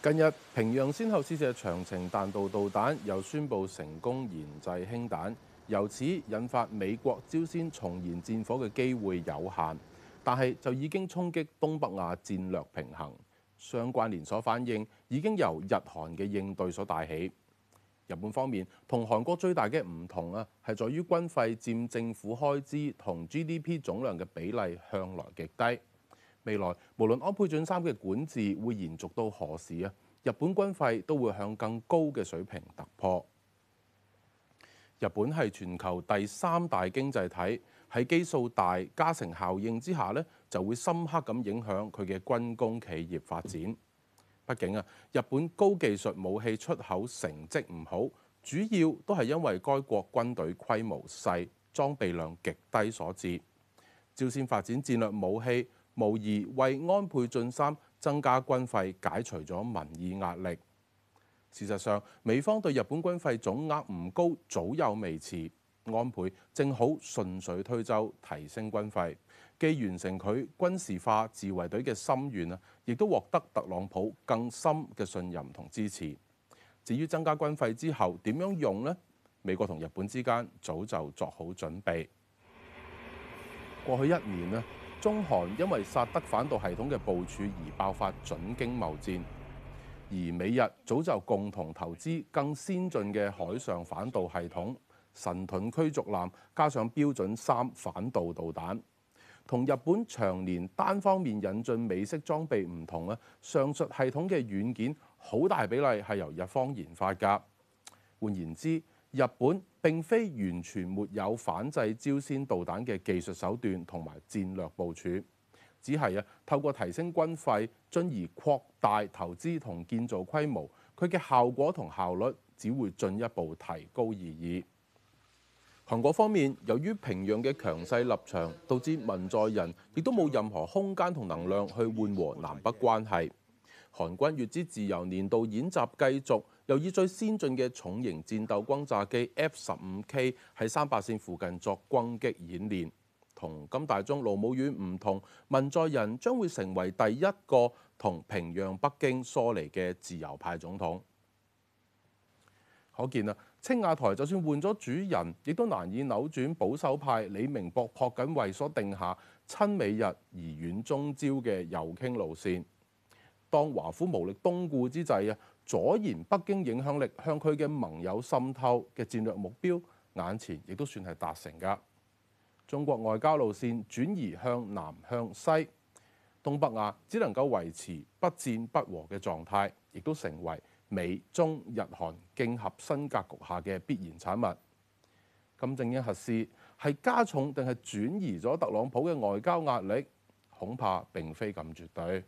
近日，平壤先後試射長程彈道導彈，又宣布成功研製氫彈，由此引發美國朝鮮重燃戰火嘅機會有限，但係就已經衝擊東北亞戰略平衡。相關連鎖反應已經由日韓嘅應對所帶起。日本方面同韓國最大嘅唔同啊，係在於軍費佔政府開支同 GDP 總量嘅比例向來極低。未來無論安倍晉三嘅管治會延續到何時啊，日本軍費都會向更高嘅水平突破。日本係全球第三大經濟體，喺基數大加成效應之下咧，就會深刻咁影響佢嘅軍工企業發展。畢竟啊，日本高技術武器出口成績唔好，主要都係因為該國軍隊規模細、裝備量極低所致。朝鮮發展戰略武器，無疑為安倍晉三增加軍費，解除咗民意壓力。事實上，美方對日本軍費總額唔高，早有微詞。安倍正好順水推舟提升軍費，既完成佢軍事化自衛隊嘅心願啊，亦都獲得特朗普更深嘅信任同支持。至於增加軍費之後點樣用呢？美國同日本之間早就作好準備。過去一年呢，中韓因為薩德反導系統嘅部署而爆發準經貿戰，而美日早就共同投資更先進嘅海上反導系統。神盾驅逐艦加上標準三反導導彈，同日本長年單方面引進美式裝備唔同咧。上述系統嘅軟件好大比例係由日方研發㗎。換言之，日本並非完全沒有反制朝鮮導彈嘅技術手段同埋戰略部署，只係啊透過提升軍費，進而擴大投資同建造規模，佢嘅效果同效率只會進一步提高而已。韓國方面，由於平壤嘅強勢立場，導致文在寅亦都冇任何空間同能量去緩和南北關係。韓軍乙支自由年度演習繼續，又以最先進嘅重型戰鬥轟炸機 F 十五 K 喺三八線附近作轟擊演練。同金大中、盧武鉉唔同，文在寅將會成為第一個同平壤、北京疏離嘅自由派總統。可見啊，青瓦台就算換咗主人，亦都難以扭轉保守派李明博朴槿惠所定下親美日而遠中朝嘅右傾路線。當華府無力東顧之際啊，阻延北京影響力向佢嘅盟友滲透嘅戰略目標，眼前亦都算係達成㗎。中國外交路線轉移向南向西，東北亞只能夠維持不戰不和嘅狀態，亦都成為美中日韓競合新格局下嘅必然產物，金正恩核試係加重定係轉移咗特朗普嘅外交壓力，恐怕並非咁絕對。